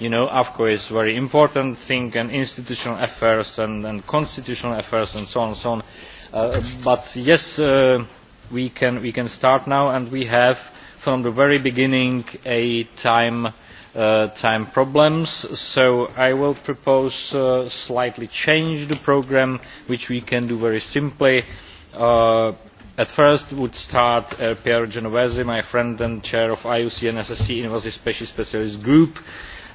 you know afco is a very important thing and institutional affairs and, constitutional affairs and so on and so on uh, but yes uh, we can start now and we have from the very beginning a time uh, time problems so i will propose uh, slightly change the program which we can do very simply uh, at first would start uh, Pierre Genovese, my friend and chair of IUCN SSC, Invasive Species Specialist Group. Uh,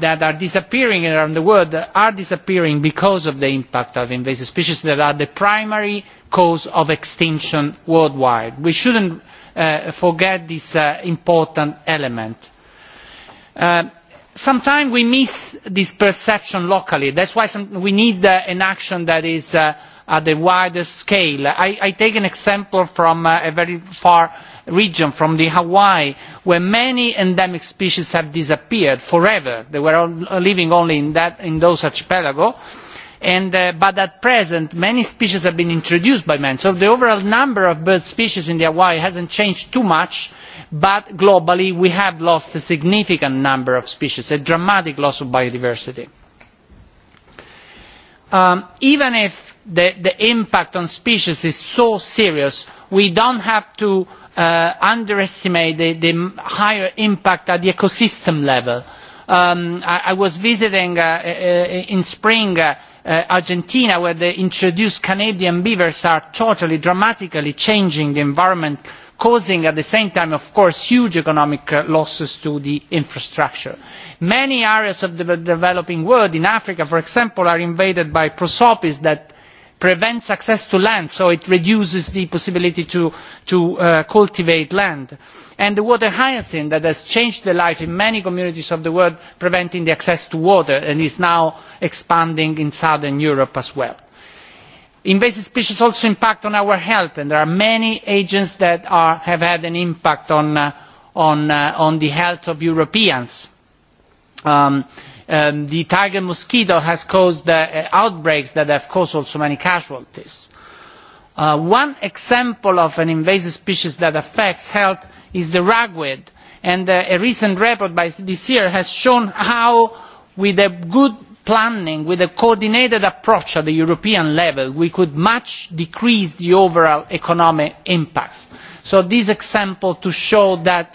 that are disappearing around the world are disappearing because of the impact of invasive species that are the primary cause of extinction worldwide. We shouldn't not uh, forget this uh, important element. Uh, sometimes we miss this perception locally. That's why we need an action that is at a wider scale. I, take an example from a very far region from the hawaii where many endemic species have disappeared forever they were uh, living only in, those archipelagos uh, but at present many species have been introduced by man so the overall number of bird species in hawaii has not changed too much but globally we have lost a significant number of species a dramatic loss of biodiversity Um, even if the, impact on species is so serious we do not have to uh, underestimate the, higher impact at the ecosystem level. Um, I, was visiting uh, uh, in spring argentina where the introduced canadian beavers are totally dramatically changing the environment causing at the same time of course huge economic losses to the infrastructure many areas of the developing world in africa for example are invaded by prosopis that prevents access to land so it reduces the possibility to, uh, cultivate land and the water hyacinth that has changed the life in many communities of the world preventing the access to water and is now expanding in southern europe as well. invasive species also impact on our health and there are many agents that have had an impact on uh, uh, the health of europeans um, um, the tiger mosquito has caused uh, outbreaks that have caused also many casualties. Uh, one example of an invasive species that affects health is the ragweed and uh, a recent report by this year has shown how with a good planning with a coordinated approach at the european level we could much decrease the overall economic impacts. so this example to show that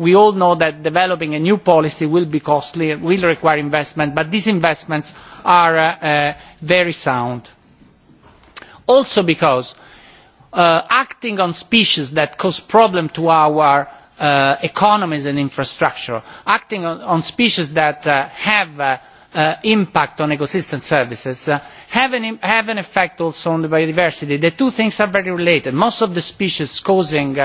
we all know that developing a new policy will be costly and will require investment but these investments are uh, uh, very sound also because uh, acting on species that cause problems to our economies and infrastructure acting on, on species that have Uh, impact on ecosystem services uh, have, an, have an effect also on the biodiversity. the two things are very related. most of the species causing uh,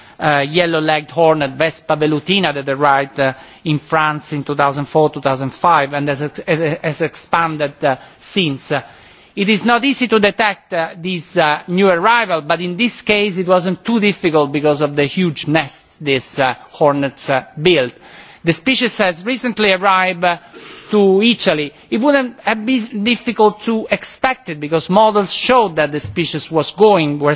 Uh, yellow-legged hornet Vespa velutina that arrived uh, in France in 2004-2005 and has, has expanded uh, since. it is not easy to detect these this new arrival but in this case it was not too difficult because of the huge nests these hornets build. the species has recently arrived to Italy, it would not have been difficult to expect it because models showed that the species was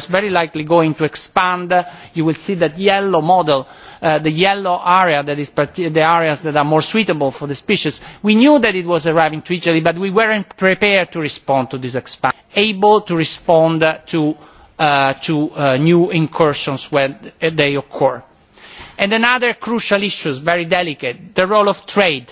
very likely going to expand. You will see that yellow model, uh, the yellow area that is the areas that are more suitable for the species. We knew that it was arriving to Italy, but we were not prepared to respond to this expansion, able to respond to, uh, to uh, new incursions when they occur. another crucial issue, very delicate, the role of trade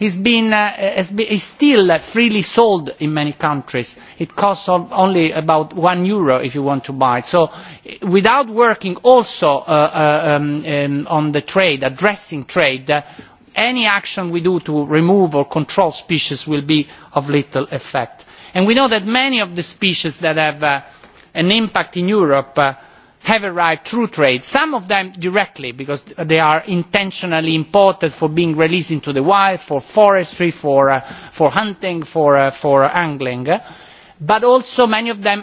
is, been, uh, is still uh, freely sold in many countries. It costs only about one euro if you want to buy it. So without working also uh, uh, um, um, on the trade, addressing trade, uh, any action we do to remove or control species will be of little effect. And we know that many of the species that have uh, an impact in Europe uh, have arrived through trade some of them directly because they are intentionally imported for being released into the wild for forestry for, uh, for hunting for, uh, for angling but also many of them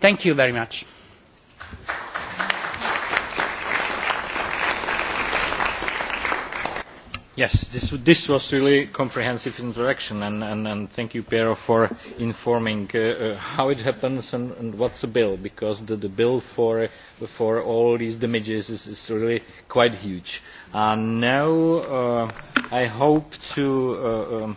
thank you very much. yes this, this was really comprehensive introduction and, and, and thank you pero for informing uh, uh, how it happens and, and what's the bill because the, the bill for, for all these damages is, is really quite huge. And now uh, i hope to uh, um,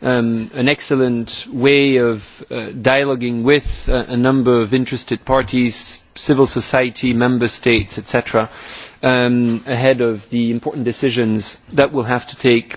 um, an excellent way of uh, dialoguing with uh, a number of interested parties, civil society, member states, etc., um, ahead of the important decisions that we'll have to take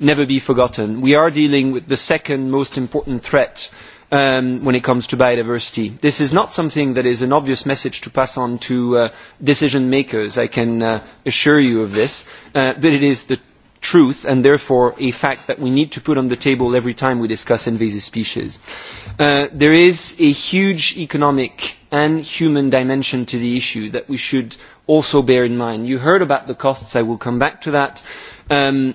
never be forgotten. We are dealing with the second most important threat um, when it comes to biodiversity. This is not something that is an obvious message to pass on to uh, decision makers, I can uh, assure you of this, uh, but it is the truth and therefore a fact that we need to put on the table every time we discuss invasive species. Uh, there is a huge economic and human dimension to the issue that we should also bear in mind. You heard about the costs, I will come back to that. Um,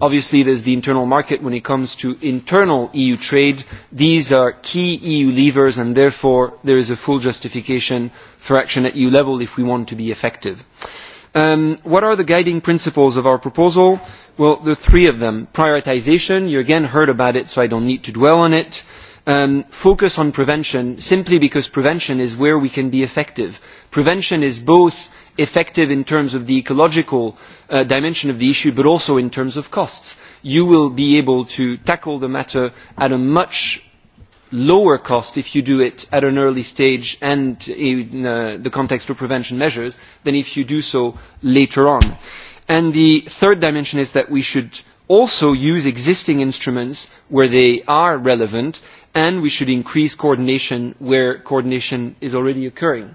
obviously there is the internal market when it comes to internal eu trade these are key eu levers and therefore there is a full justification for action at eu level if we want to be effective. Um, what are the guiding principles of our proposal? well there are three of them prioritisation you again heard about it so i do not need to dwell on it; Um, focus on prevention simply because prevention is where we can be effective. Prevention is both effective in terms of the ecological uh, dimension of the issue but also in terms of costs. You will be able to tackle the matter at a much lower cost if you do it at an early stage and in uh, the context of prevention measures than if you do so later on. And the third dimension is that we should also use existing instruments where they are relevant and we should increase coordination where coordination is already occurring.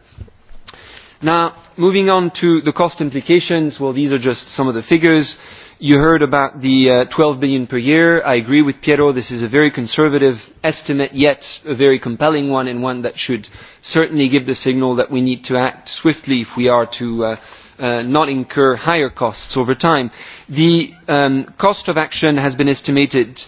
Now, moving on to the cost implications, well, these are just some of the figures. You heard about the uh, 12 billion per year. I agree with Piero, this is a very conservative estimate, yet a very compelling one and one that should certainly give the signal that we need to act swiftly if we are to uh, uh, not incur higher costs over time. The um, cost of action has been estimated uh,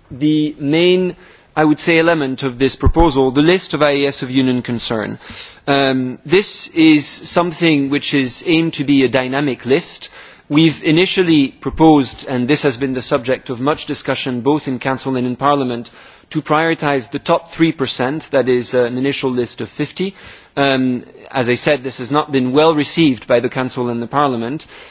the main I would say element of this proposal, the list of IAS of union concern. Um, this is something which is aimed to be a dynamic list. We've initially proposed, and this has been the subject of much discussion both in Council and in Parliament, to prioritise the top 3%, that is uh, an initial list of 50. Um, as I said, this has not been well received by the Council and the Parliament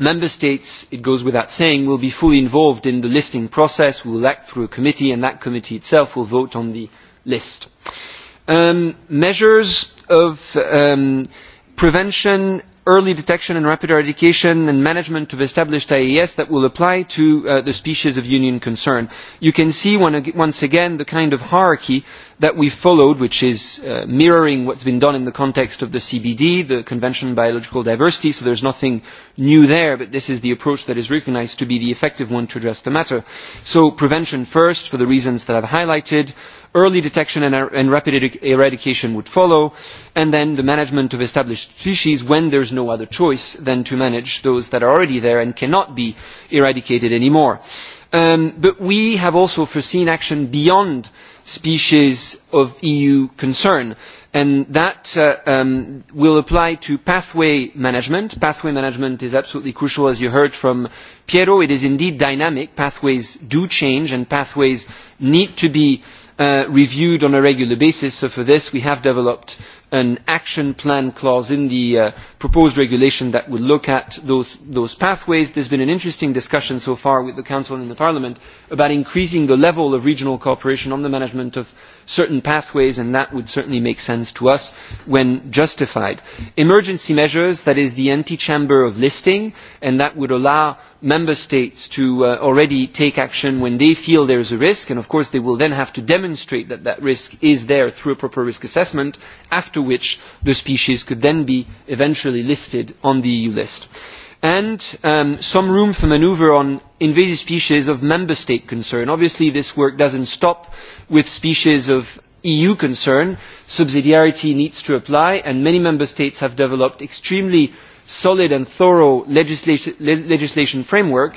member states it goes without saying will be fully involved in the listing process we will act through a committee and that committee itself will vote on the list. Um, measures of um, prevention early detection and rapid eradication and management of established ias that will apply to uh, the species of union concern. you can see once again the kind of hierarchy that we followed, which is uh, mirroring what's been done in the context of the CBD, the Convention on Biological Diversity, so there's nothing new there, but this is the approach that is recognized to be the effective one to address the matter. So prevention first, for the reasons that I've highlighted, early detection and, er-, and rapid eradication would follow, and then the management of established species when there's no other choice than to manage those that are already there and cannot be eradicated anymore. Um, but we have also foreseen action beyond uh, species of EU concern. And that uh, um, will apply to pathway management. Pathway management is absolutely crucial, as you heard from Piero. It is indeed dynamic. Pathways do change, and pathways need to be uh, reviewed on a regular basis. So for this, we have developed an action plan clause in the uh, proposed regulation that would look at those, pathways. pathways. There's been an interesting discussion so far with the Council and the Parliament about increasing the level of regional cooperation on the management of certain pathways, and that would certainly make sense to us when justified. Emergency measures, that is the anti-chamber of listing, and that would allow member states to uh, already take action when they feel there is a risk, and of course they will then have to demonstrate that that risk is there through a proper risk assessment after after which the species could then be eventually listed on the EU list. And um, some room for manoeuvre on invasive species of member state concern. Obviously this work doesn't stop with species of EU concern. Subsidiarity needs to apply and many member states have developed extremely solid and thorough legislati legislation framework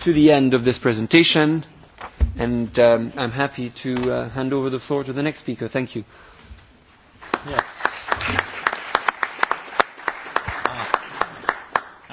to the end of this presentation, and um, I'm happy to uh, hand over the floor to the next speaker. Thank you. Yes.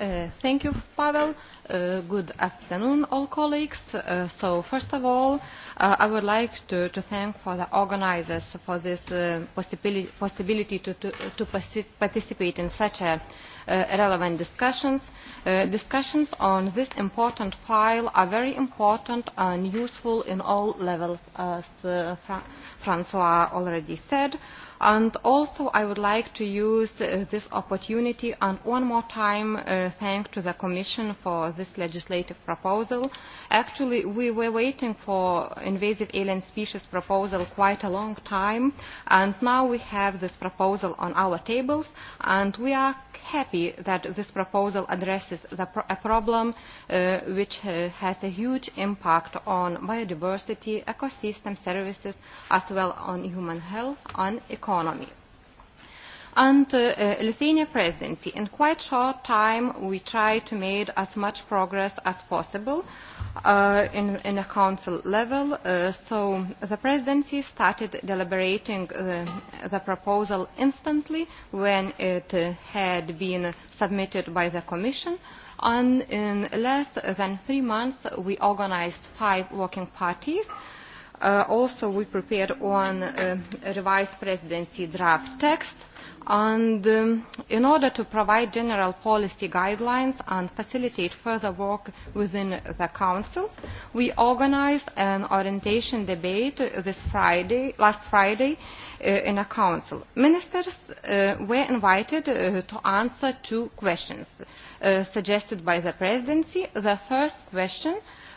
Uh, thank you, Pavel. Uh, good afternoon, all colleagues. Uh, so, first of all, I would like to, thank for the organizers for this possibility, to participate in such a Uh, relevant discussions. Uh, discussions on this important file are very important and useful in all levels as uh, Fra Francois already said and also i would like to use uh, this opportunity and one more time uh, thank to the commission for this legislative proposal. actually we were waiting for invasive alien species proposal quite a long time and now we have this proposal on our tables and we are happy happy that this proposal addresses the pro a problem uh, which uh, has a huge impact on biodiversity, ecosystem services, as well on human health and economy. And uh, uh, Lithuania presidency, in quite short time, we try to make as much progress as possible Uh, in, in a council level. Uh, so the presidency started deliberating the, uh, the proposal instantly when it uh, had been submitted by the commission. And in less than three months, we organized five working parties. Uh, also, we prepared one uh, revised presidency draft text and um, in order to provide general policy guidelines and facilitate further work within the council we organised an orientation debate this friday, last friday uh, in a council. ministers uh, were invited uh, to answer two questions uh, suggested by the presidency. the first question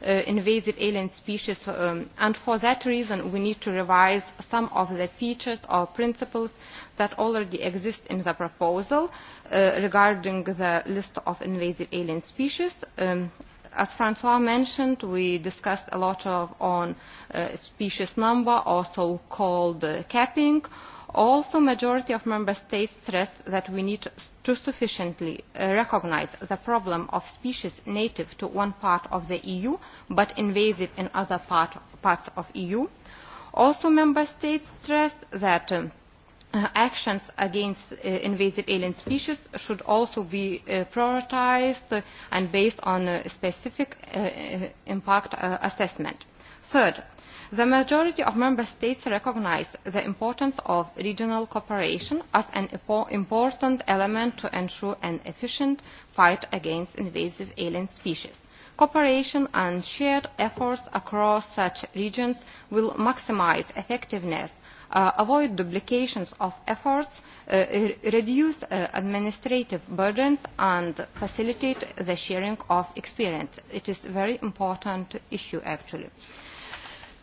Uh, invasive alien species um, and for that reason we need to revise some of the features or principles that already exist in the proposal uh, regarding the list of invasive alien species. Um, as Francois mentioned, we discussed a lot of on uh, species number, also called uh, capping, also the majority of member states stressed that we need to sufficiently uh, recognise the problem of species native to one part of the eu but invasive in other part, parts of the eu. also member states stressed that um, uh, actions against uh, invasive alien species should also be uh, prioritised and based on a specific uh, uh impact assessment. third the majority of member states recognise the importance of regional cooperation as an important element to ensure an efficient fight against invasive alien species. cooperation and shared efforts across such regions will maximise effectiveness Uh, avoid duplications of efforts uh, reduce uh, administrative burdens and facilitate the sharing of experience. it is a very important issue actually.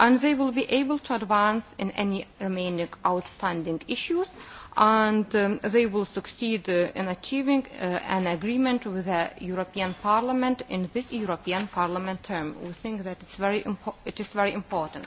and they will be able to advance in any remaining outstanding issues and um, they will succeed uh, in achieving uh, an agreement with the European Parliament in this European Parliament term. We think that it's very it is very important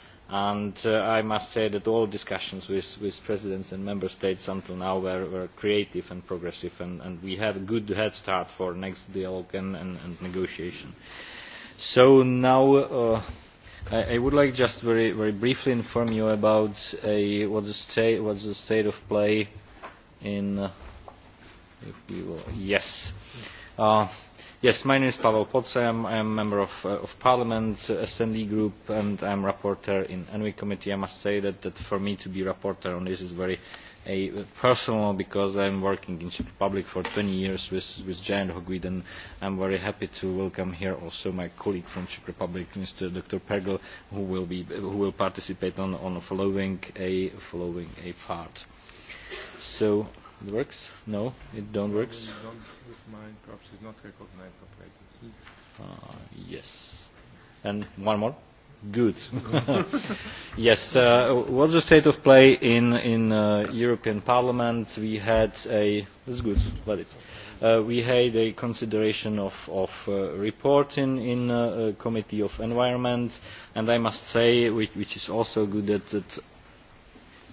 and uh, i must say that all discussions with, presidents and member states until now were, creative and progressive and, we have a good head start for next dialogue and, negotiation. so now uh, I, would like just very, briefly briefly inform you about what is the state of play in uh, yes my name is Pavel poc i am a member of, uh, of Parliament, uh, SND Group, and I'm rapporteur in the ENVI Committee. I must say that, for me to be rapporteur on this is very personal because i have been working in the Czech Republic for twenty years with, Jan Hogwid and i am very happy to welcome here also my colleague from the Czech Republic, Mr. Dr. pergl who will, participate in the following, part. It works? No, it don't work. works. No, don't, with mine, perhaps it's not recognized properly. Uh, ah, yes. And one more. Good. yes. Uh, what's the state of play in in uh, European Parliament? We had a. That's good. Let it. Uh, we had a consideration of of uh, report in in uh, committee of environment, and I must say, which, which is also good that. that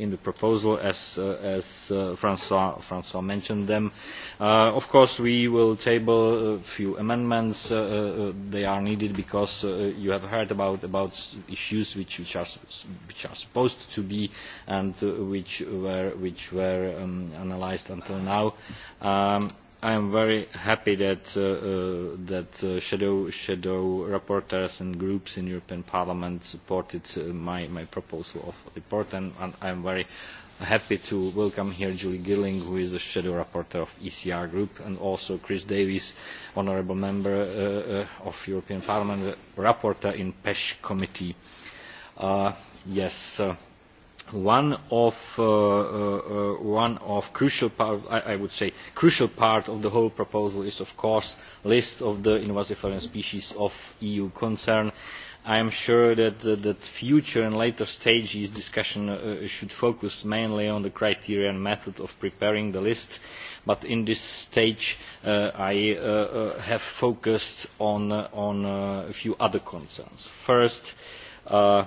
in the proposal as, uh, as uh, Francois, Francois mentioned them. Uh, of course, we will table a few amendments. Uh, uh, uh they are needed because uh, you have heard about, about issues which, which, are, which are supposed to be and uh, which were, which were um, analyzed until now. Um, i am very happy that, uh, uh that uh, shadow, shadow rapporteurs and groups in European Parliament supported uh, my, my proposal of report, and, and I am very happy to welcome here Julie Gilling, who is a shadow rapporteur of ECR Group, and also Chris Davies, honourable member uh, uh, of European Parliament, rapporteur in PESH committee. Uh, yes. Uh, one of uh, uh, uh, one of crucial part I, I would say crucial part of the whole proposal is of course list of the invasive species of EU concern. I am sure that uh, that future and later stages discussion uh, should focus mainly on the criteria and method of preparing the list, but in this stage uh, I uh, uh, have focused on uh, on uh, a few other concerns. First. Uh,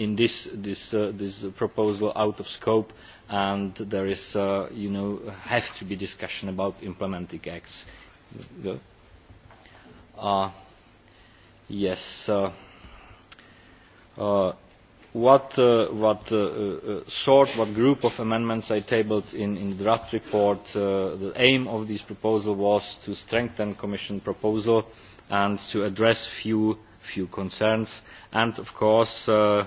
in this, this, uh, this proposal out of scope and there is, uh, you know, have to be discussion about implementing acts. Uh, yes. Uh, uh, what, uh, what uh, uh, uh, sort, what group of amendments I tabled in, in the draft report, uh, the aim of this proposal was to strengthen Commission proposal and to address few, few concerns. And of course, uh,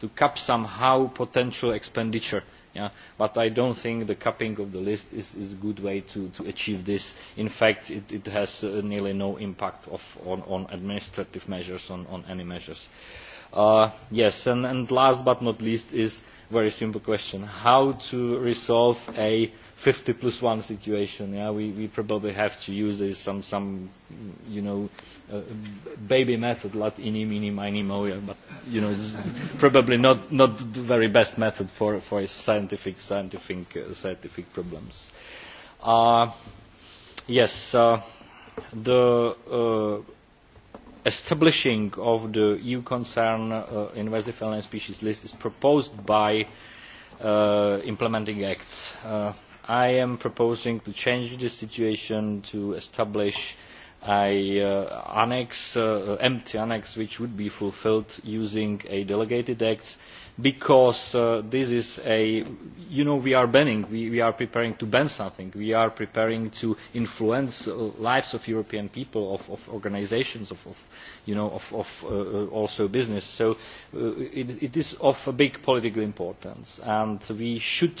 to cap somehow potential expenditure. Yeah? But I don't think the capping of the list is, is a good way to, to achieve this. In fact, it, it has uh, nearly no impact of, on, on administrative measures, on, on any measures. Uh, yes, and, and last but not least is a very simple question. How to resolve a 50 plus one situation. Yeah, we, we probably have to use this, some some you know uh, baby method, lot ini mini mini mo. Yeah, but you know it's probably not not the very best method for for scientific scientific uh, scientific problems. Uh, yes, uh, the. Uh, establishing of the EU concern uh, invasive alien species list is proposed by uh, implementing acts. Uh, i am proposing to change the situation to establish an uh, annex, uh, empty annex which would be fulfilled using a delegated act because uh, this is a you know we are banning we, we are preparing to ban something we are preparing to influence uh, lives of european people of, of organisations of, of you know of, of uh, uh, also business so uh, it, it is of a big political importance and we should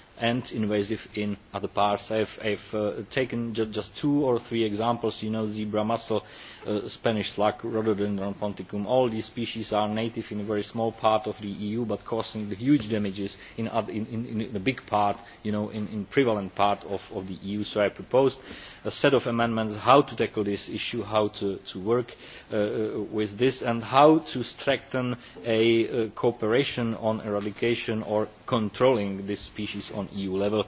and invasive in other parts. i have uh, taken just two or three examples you know zebra mussel Uh, Spanish slug, rhododendron ponticum. All these species are native in a very small part of the EU, but causing huge damages in, other, in, in, in a big part, you know, in, in prevalent part of, of the EU. So I proposed a set of amendments how to tackle this issue, how to, to work uh, uh with this, and how to strengthen a uh, cooperation on eradication or controlling this species on EU level. Uh,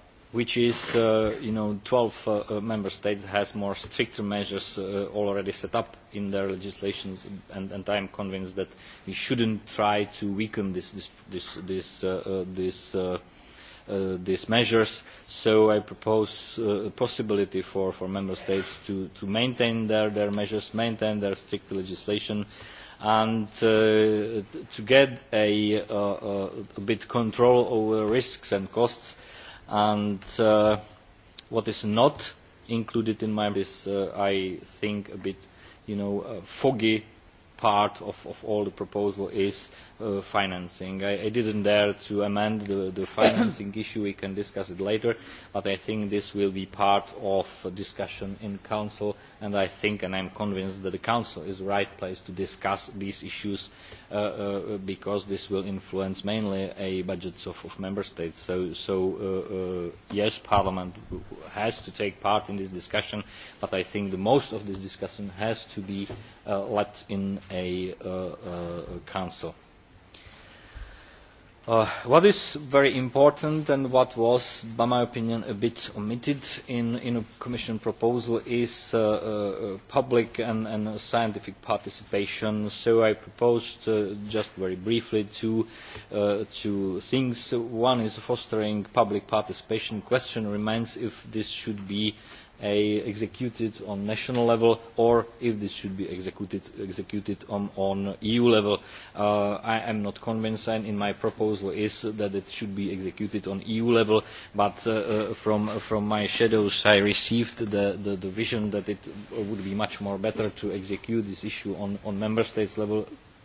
which is uh, you know 12 uh, uh, member states has more stricter measures uh, already set up in their legislation and, and I am convinced that we shouldn't try to weaken this, this, this, this, uh, uh, this uh, uh, these measures, so I propose uh, a possibility for, for member states to, to maintain their, their measures, maintain their strict legislation, and uh, to get a, uh, uh, a bit control over risks and costs uh, and uh, what is not included in my is uh, i think a bit you know uh, foggy part of, of all the proposal is Uh, financing. I, did didn't dare to amend the, financing issue. We can discuss it later. But I think this will be part of discussion in Council. And I think and am convinced that the Council is the right place to discuss these issues uh, uh, because this will influence mainly a budgets of, Member States. So, yes, Parliament has to take part in this discussion. But I think the most of this discussion has to be left led in a council. Uh, what is very important and what was, by my opinion, a bit omitted in, in a Commission proposal is uh, uh, public and, and scientific participation. So I proposed, uh, just very briefly, two, uh, two things. One is fostering public participation. The question remains if this should be a, executed on national level or if this should be executed, executed on, on eu level. Uh, i am not convinced and in my proposal is that it should be executed on eu level but uh, uh, from, from my shadows i received the, the, the vision that it would be much more better to execute this issue on, on member states level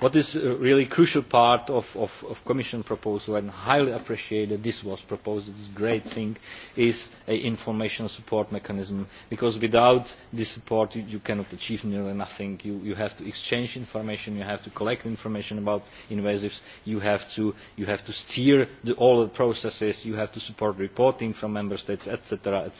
what is a uh, really crucial part of the commission proposal and i highly appreciate that this was proposed it is a great thing is an information support mechanism because without this support you, cannot achieve nearly anything. you, have to exchange information you have to collect information about invasives you have to, steer all the processes you have to support reporting from member states etc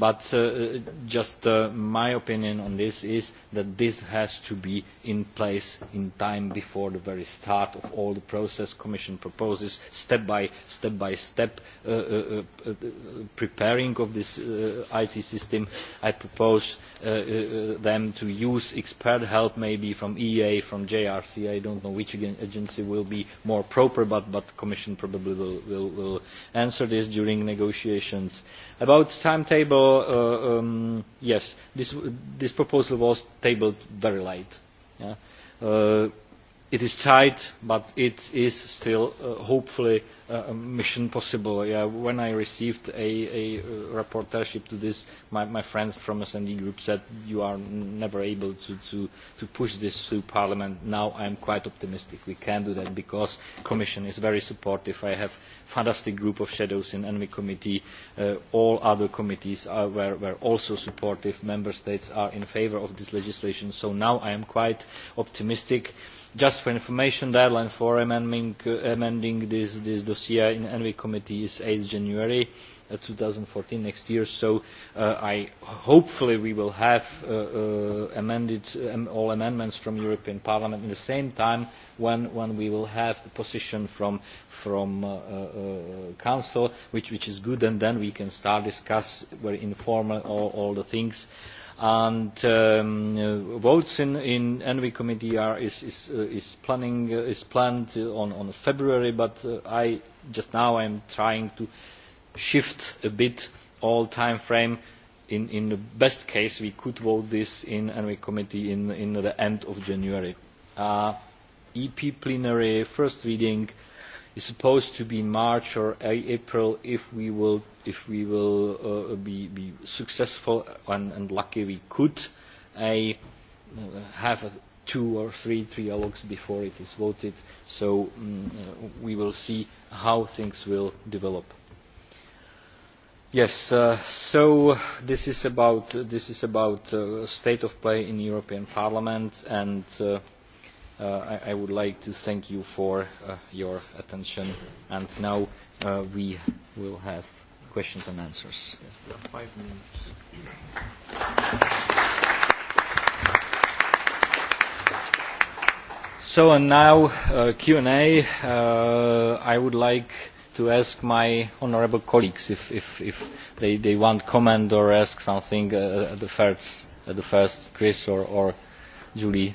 but uh, just uh, my opinion on this is that this has to be in place in time before the very start of all the process the commission proposes step by step by step uh, preparing of this IT system I propose them to use expert help maybe from eea from JRC I do not know which agency will be more proper but the commission probably will, will, answer this during negotiations about the timetable Uh, um, yes this, proposal was tabled very late. Uh, it is tight but it is still uh, hopefully uh, a uh, mission possible. Yeah, when I received a, a uh, rapporteurship to this, my, my friends from S&D group said you are never able to, to, to push this through Parliament. Now I am quite optimistic we can do that because Commission is very supportive. I have a fantastic group of shadows in Enemy Committee. Uh, all other committees are, were, were also supportive. Member States are in favour of this legislation. So now I am quite optimistic. Uh, just for information the deadline for amending, uh, amending this, this dossier in the envi committee is eight january two thousand and fourteen next year so uh, I, hopefully we will have uh, uh amended um, all amendments from the european parliament at the same time when, when we will have the position from the uh, uh, council which, which is good and then we can start discussing very informally all, all the things and um, uh, votes in the envi committee are uh, uh, planned for february but uh, i just now i'm trying to shift a bit all time frame in the best case we could vote this in the envi committee at the end of january uh, ep plenary first reading is supposed to be in March or April if we will, if we will uh, be, be successful and, and lucky we could uh, have a two or three trialogues before it is voted, so um, uh, we will see how things will develop. Yes, uh, so this is about, this is about uh, state of play in European Parliament and uh, uh, I, I would like to thank you for uh, your attention. And now uh, we will have questions and answers. Yes, we have five minutes. So and now uh, Q&A. Uh, I would like to ask my honourable colleagues if, if, if they, they want comment or ask something uh, at the first, at the first Chris or, or Julie.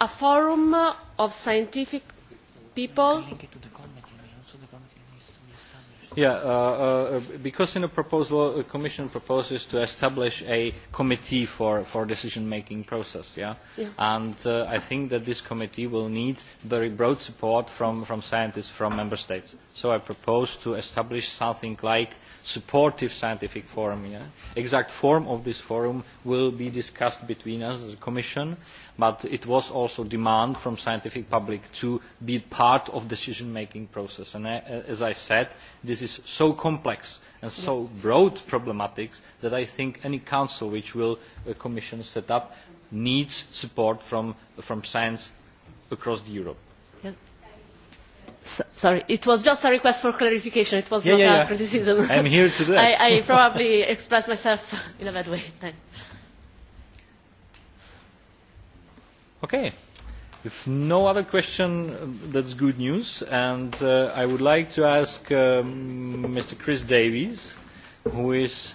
a forum of scientific people Yeah, uh, uh, because in the proposal, the Commission proposes to establish a committee for, for decision-making process, yeah? yeah? And uh, I think that this committee will need very broad support from, from scientists from member states. So I propose to establish something like supportive scientific forum, yeah? Exact form of this forum will be discussed between us as a Commission, but it was also demand from scientific public to be part of decision-making process. And I, uh, as I said, this is is so complex and so broad problematic that i think any council which the uh, commission will set up needs support from, science across europe. sorry it was just a request for clarification it was yeah, not yeah, a criticism. i am here to do that. I, I probably expressed myself in a bad way then. okay. If no other question, uh, that's good news. And uh, I would like to ask um, uh, Mr. Chris Davies, who is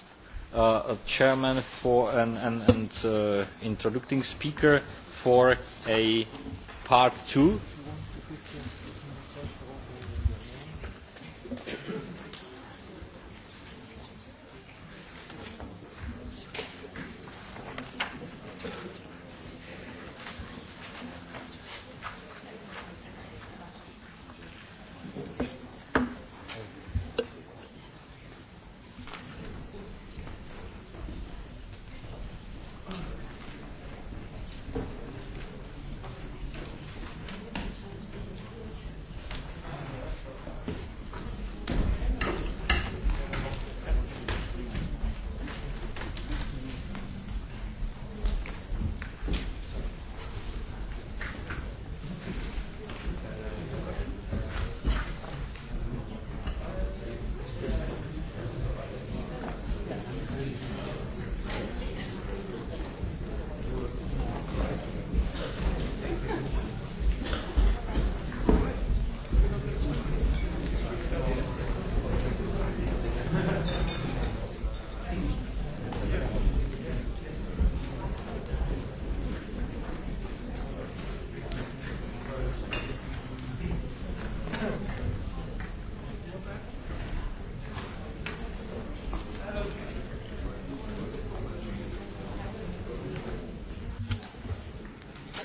uh, a chairman for and, and uh, introducing speaker for a part two.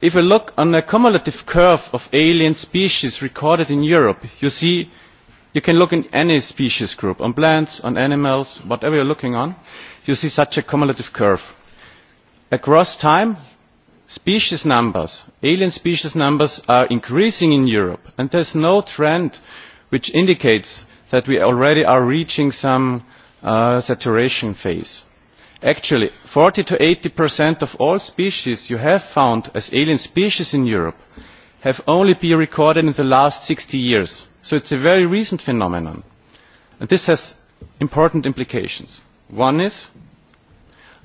if you look on the cumulative curve of alien species recorded in europe you see you can look in any species group on plants on animals whatever you are looking at you see such a cumulative curve. across time species numbers alien species numbers are increasing in europe and there is no trend which indicates that we already are reaching some uh, saturation phase actually forty to eighty percent of all species you have found as alien species in europe have only been recorded in the last sixty years so it's a very recent phenomenon and this has important implications. one is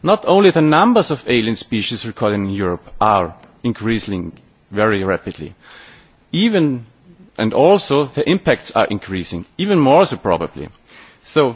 not only the numbers of alien species recorded in europe are increasing very rapidly even and also the impacts are increasing even more so probably so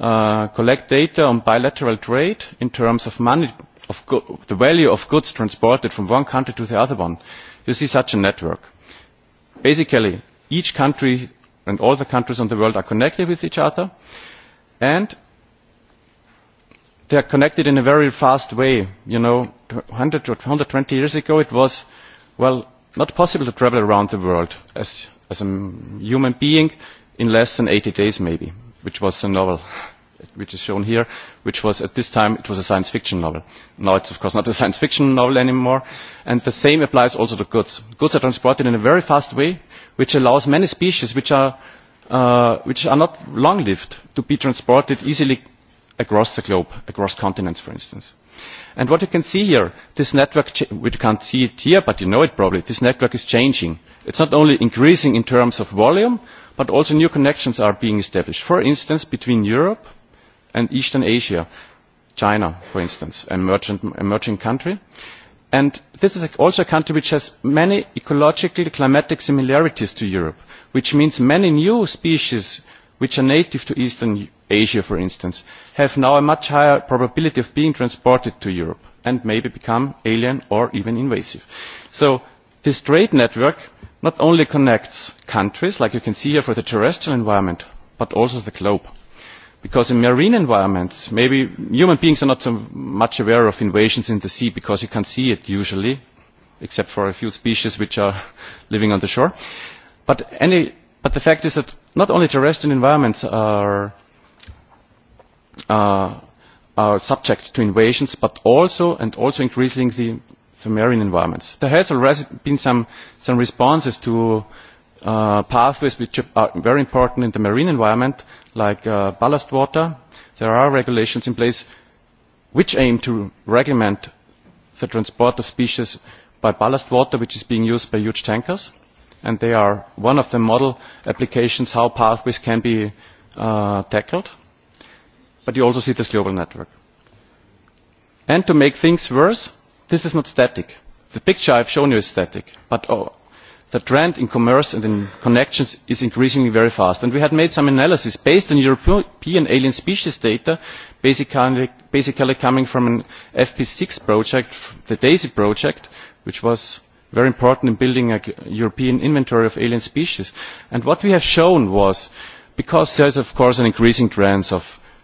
Uh, collect data on bilateral trade in terms of money, of the value of goods transported from one country to the other one. You see such a network. Basically, each country and all the countries in the world are connected with each other, and they are connected in a very fast way. You know, 100 or 120 years ago, it was, well, not possible to travel around the world as, as a human being in less than 80 days, maybe which was a novel which is shown here, which was at this time it was a science fiction novel. Now it's of course not a science fiction novel anymore, and the same applies also to goods. Goods are transported in a very fast way, which allows many species which are uh, which are not long-lived to be transported easily across the globe, across continents, for instance. And what you can see here, this network, we can't see it here, but you know it probably, this network is changing. It's not only increasing in terms of volume, but also new connections are being established for instance between europe and eastern asia china for instance an emerging, emerging country and this is also a country which has many ecological climatic similarities to europe which means many new species which are native to eastern asia for instance have now a much higher probability of being transported to europe and maybe become alien or even invasive. so this trade network not only connects countries, like you can see here for the terrestrial environment, but also the globe. Because in marine environments, maybe human beings are not so much aware of invasions in the sea because you can't see it usually, except for a few species which are living on the shore. But, any, but the fact is that not only terrestrial environments are, uh, are subject to invasions, but also and also increasingly the marine environments. There has already been some, some responses to uh, pathways which are very important in the marine environment, like uh, ballast water. There are regulations in place which aim to regulate the transport of species by ballast water, which is being used by huge tankers. And they are one of the model applications how pathways can be uh, tackled. But you also see this global network. And to make things worse, this is not static. the picture i have shown you is static but oh, the trend in commerce and in connections is increasingly very fast and we had made some analysis based on european alien species data basically, basically coming from an fp six project the daisy project which was very important in building a european inventory of alien species and what we have shown was because there is of course an increasing trend of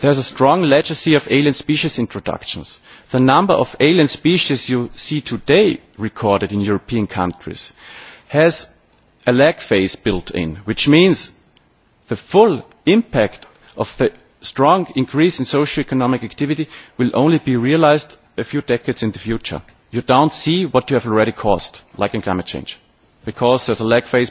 there is a strong legacy of alien species introductions. The number of alien species you see today recorded in European countries has a lag phase built in, which means the full impact of the strong increase in socio-economic activity will only be realised a few decades in the future. You do not see what you have already caused, like in climate change, because there is a lag phase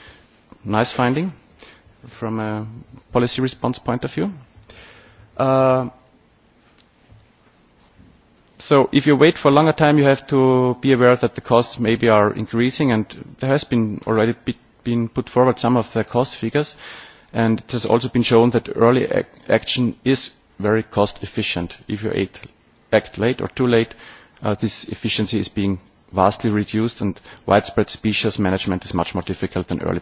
nice finding from a policy response point of view. Uh, so if you wait for a longer time, you have to be aware that the costs maybe are increasing, and there has been already be, been put forward some of the cost figures, and it has also been shown that early ac action is very cost efficient. If you act, act late or too late, uh, this efficiency is being vastly reduced, and widespread species management is much more difficult than early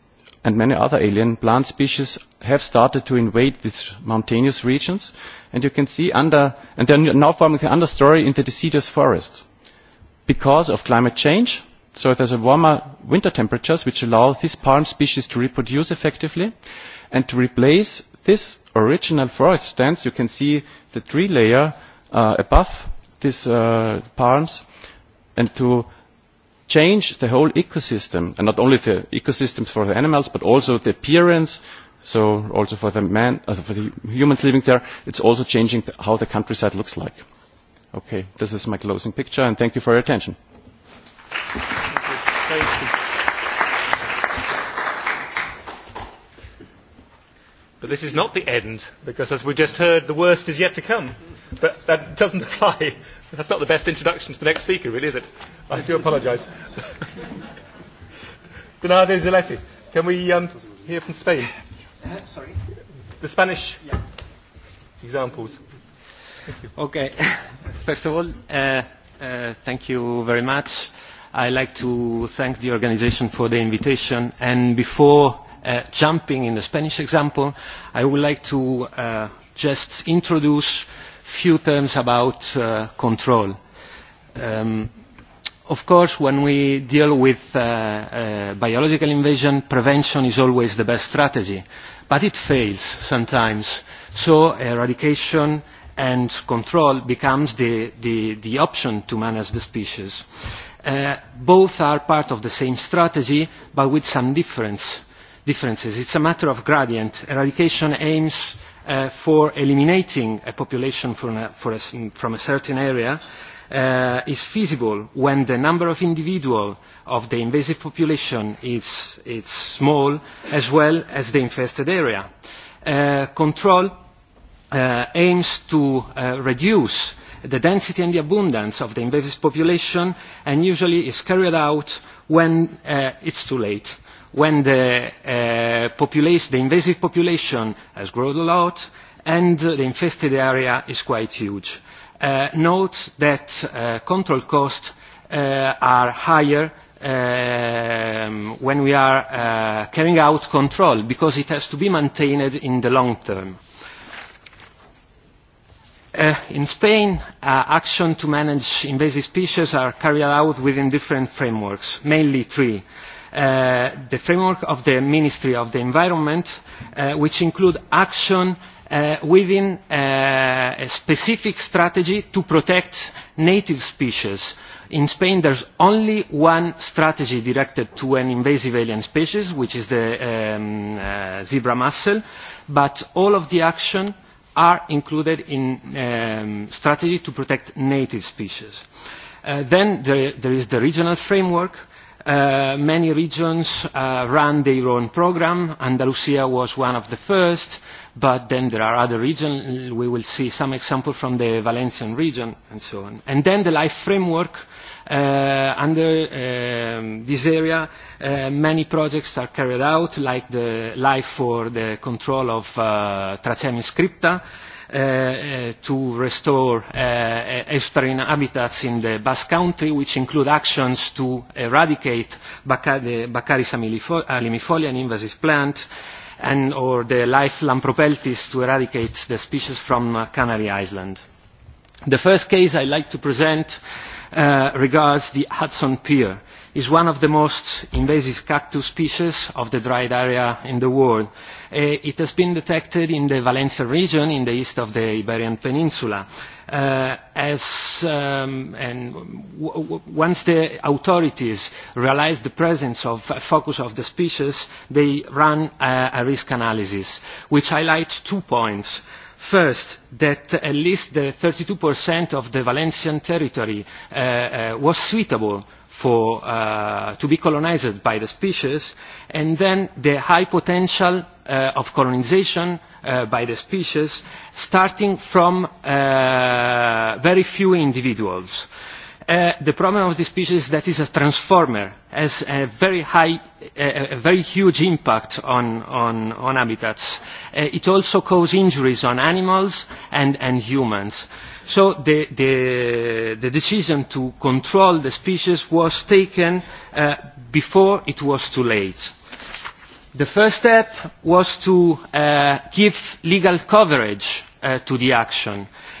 and many other alien plant species have started to invade these mountainous regions and you can see under and they're now forming the understory in the deciduous forests because of climate change so there's a warmer winter temperatures which allow these palm species to reproduce effectively and to replace this original forest stands you can see the tree layer uh, above these uh, palms and to change the whole ecosystem, and not only the ecosystems for the animals, but also the appearance, so also for the, man, uh, for the humans living there, it's also changing the, how the countryside looks like. Okay, this is my closing picture, and thank you for your attention. Thank you. But this is not the end, because as we just heard, the worst is yet to come. But that doesn't apply. That's not the best introduction to the next speaker, really, is it? I do apologise. Bernardo Zaletti, can we um, hear from Spain? Uh, sorry? The Spanish yeah. examples. Okay. First of all, uh, uh, thank you very much. I'd like to thank the organisation for the invitation. And before uh, jumping in the Spanish example, I would like to uh, just introduce uh, few terms about uh, control. Um, of course, when we deal with uh, uh, biological invasion, prevention is always the best strategy, but it fails sometimes. So eradication and control becomes the, the, the option to manage the species. Uh, both are part of the same strategy, but with some difference, differences. It's a matter of gradient. Eradication aims Uh, for eliminating a population from a, mm, certain area uh, is feasible when the number of individuals of the invasive population is, small as well as the infested area. Uh, control aims to reduce the density and the abundance of the invasive population and usually is carried out when it it's too late when the uh, population, the invasive population has grown a lot and the infested area is quite huge. Uh, note that uh, control costs uh, are higher um, when we are uh, carrying out control because it has to be maintained in the long term. Uh, in Spain, uh, action to manage invasive species are carried out within different frameworks, mainly three. Uh, the framework of the Ministry of the Environment, uh, which include action uh, within a specific strategy to protect native species. In Spain, there is only one strategy directed to an invasive alien species, which is the um, zebra mussel, but all of the action are included in a um, strategy to protect native species. then there, is the regional framework, Uh, many regions uh, run their own program. Andalusia was one of the first, but then there are other regions. We will see some examples from the Valencian region and so on. And then the LIFE framework. Uh, under um, this area, uh, many projects are carried out, like the LIFE for the control of uh, scripta, Eh, eh, to restore uh, eh, estuarine habitats in the Basque Country, which include actions to eradicate Baca the Baccharis alimifolia, an invasive plant, and or the life Lampropeltis to eradicate the species from uh, Canary Island. The first case I'd like to present uh, regards the Hudson Pier is one of the most invasive cactus species of the dried area in the world. Uh, it has been detected in the Valencia region in the east of the Iberian Peninsula. Uh, as, um, and w w once the authorities realized the presence of a uh, focus of the species, they ran a, a risk analysis, which highlights two points first that at least the 32% of the valencian territory uh, uh, was suitable for, uh, to be colonized by the species, and then the high potential uh, of colonization uh, by the species, starting from uh, very few individuals. Uh, the problem of this species is that it's a transformer, has a very high, uh, a very huge impact on, on, on habitats. Uh, it also causes injuries on animals and, and humans. Uh, So the, the, the decision to control the species was taken uh, before it was too late. The first step was to uh, give legal coverage uh, to the action. Uh,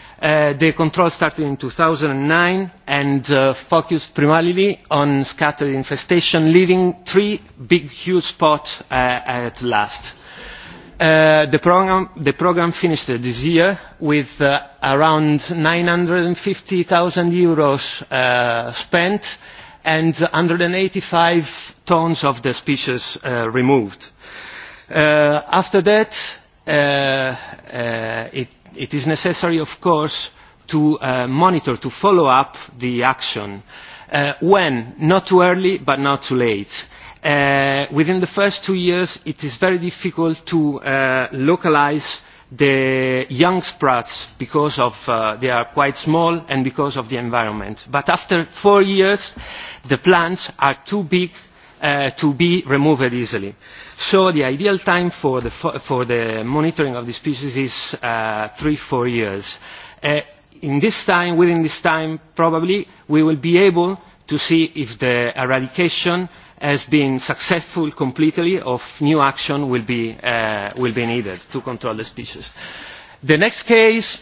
Uh, the control started in two thousand and nine and uh, focused primarily on scattered infestation leaving three big huge spots uh, at last. The programme finished this year with around eur nine hundred and fifty zero spent and one hundred and eighty five tonnes of the species removed. after that it it is necessary of course to uh, monitor to follow up the action uh, when not too early but not too late. Uh, within the first two years it is very difficult to uh, localize the young sprouts because of, uh, they are quite small and because of the environment. But after four years the plants are too big uh, to be removed easily. So the ideal time for the, for the monitoring of the species is uh, three, four years. Uh, in this time, within this time, probably, we will be able to see if the eradication has been successful completely or if new action will be, uh, will be needed to control the species. The next case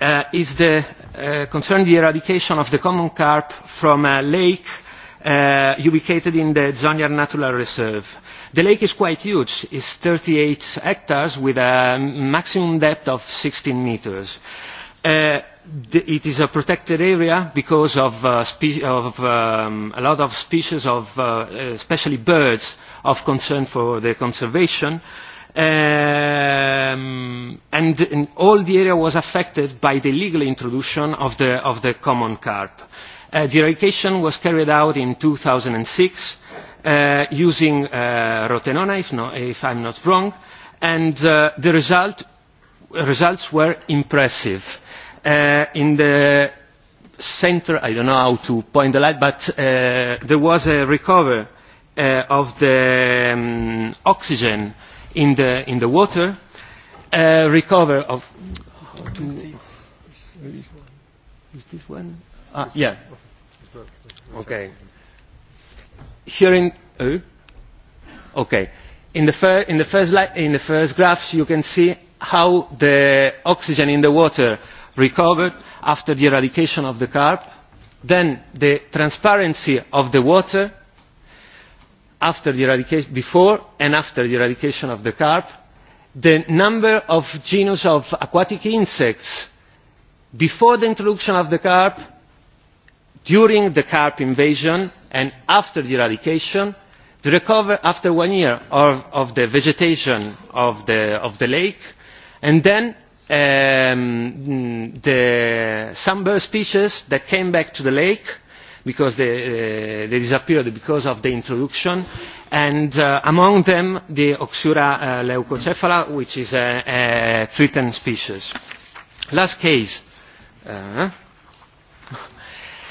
uh, is the, uh, concerning the eradication of the common carp from a lake uh, uh, ubicated in the Zonyar Natural Reserve. The lake is quite huge. It's 38 hectares with a maximum depth of 16 meters. Uh, the, it is a protected area because of, uh, spe of um, a lot of species of, uh, especially birds, of concern for their conservation. Um, and, and all the area was affected by the illegal introduction of the, of the common carp. Uh, Uh, the eradication was carried out in 2006 uh, using uh, rotenona, if, no, if I'm not wrong, and uh, the result, results were impressive. Uh, in the center, I don't know how to point the light, but uh, there was a recovery uh, of the um, oxygen in the, in the water, uh, recover of... is this one? Uh, yeah. Okay. Here in, uh, okay. In the, fir in, the first li in the first graphs you can see how the oxygen in the water recovered after the eradication of the carp, then the transparency of the water after the eradication, before and after the eradication of the carp, the number of genus of aquatic insects before the introduction of the carp during the carp invasion and after the eradication the recovery after one year of, of the vegetation of the, of the lake and then um, the, some bird species that came back to the lake because they, uh, they disappeared because of the introduction and uh, among them the Oxura uh, leucocephala which is a, a threatened species. Last case. Uh,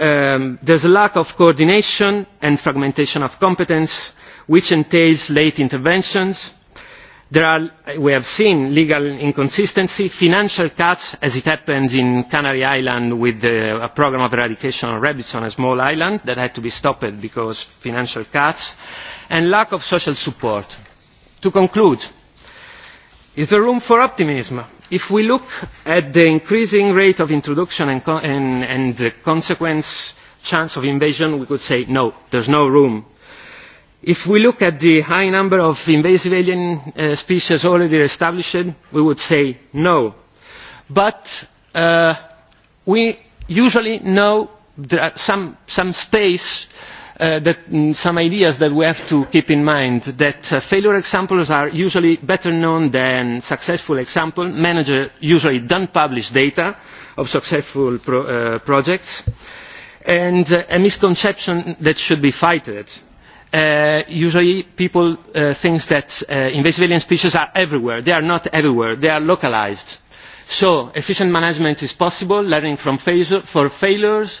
um, there is a lack of coordination and fragmentation of competence which entails late interventions. there are we have seen legal inconsistency financial cuts as it happened in canary island with the, a programme of eradication of rabies on a small island that had to be stopped because of financial cuts and lack of social support. to conclude is there room for optimism? if we look at the increasing rate of introduction and, and, and the consequent chance of invasion we could say no there is no room. if we look at the high number of invasive alien uh, species already established we would say no but uh, we usually know there is some, some space Uh, mm, some ideas that we have to keep in mind that uh, failure examples are usually better known than successful examples. managers usually do not publish data of successful uh, projects and a misconception that should be fighted. usually people think that invasive alien species are everywhere. they are not everywhere they are localised. so efficient management is possible learning from failures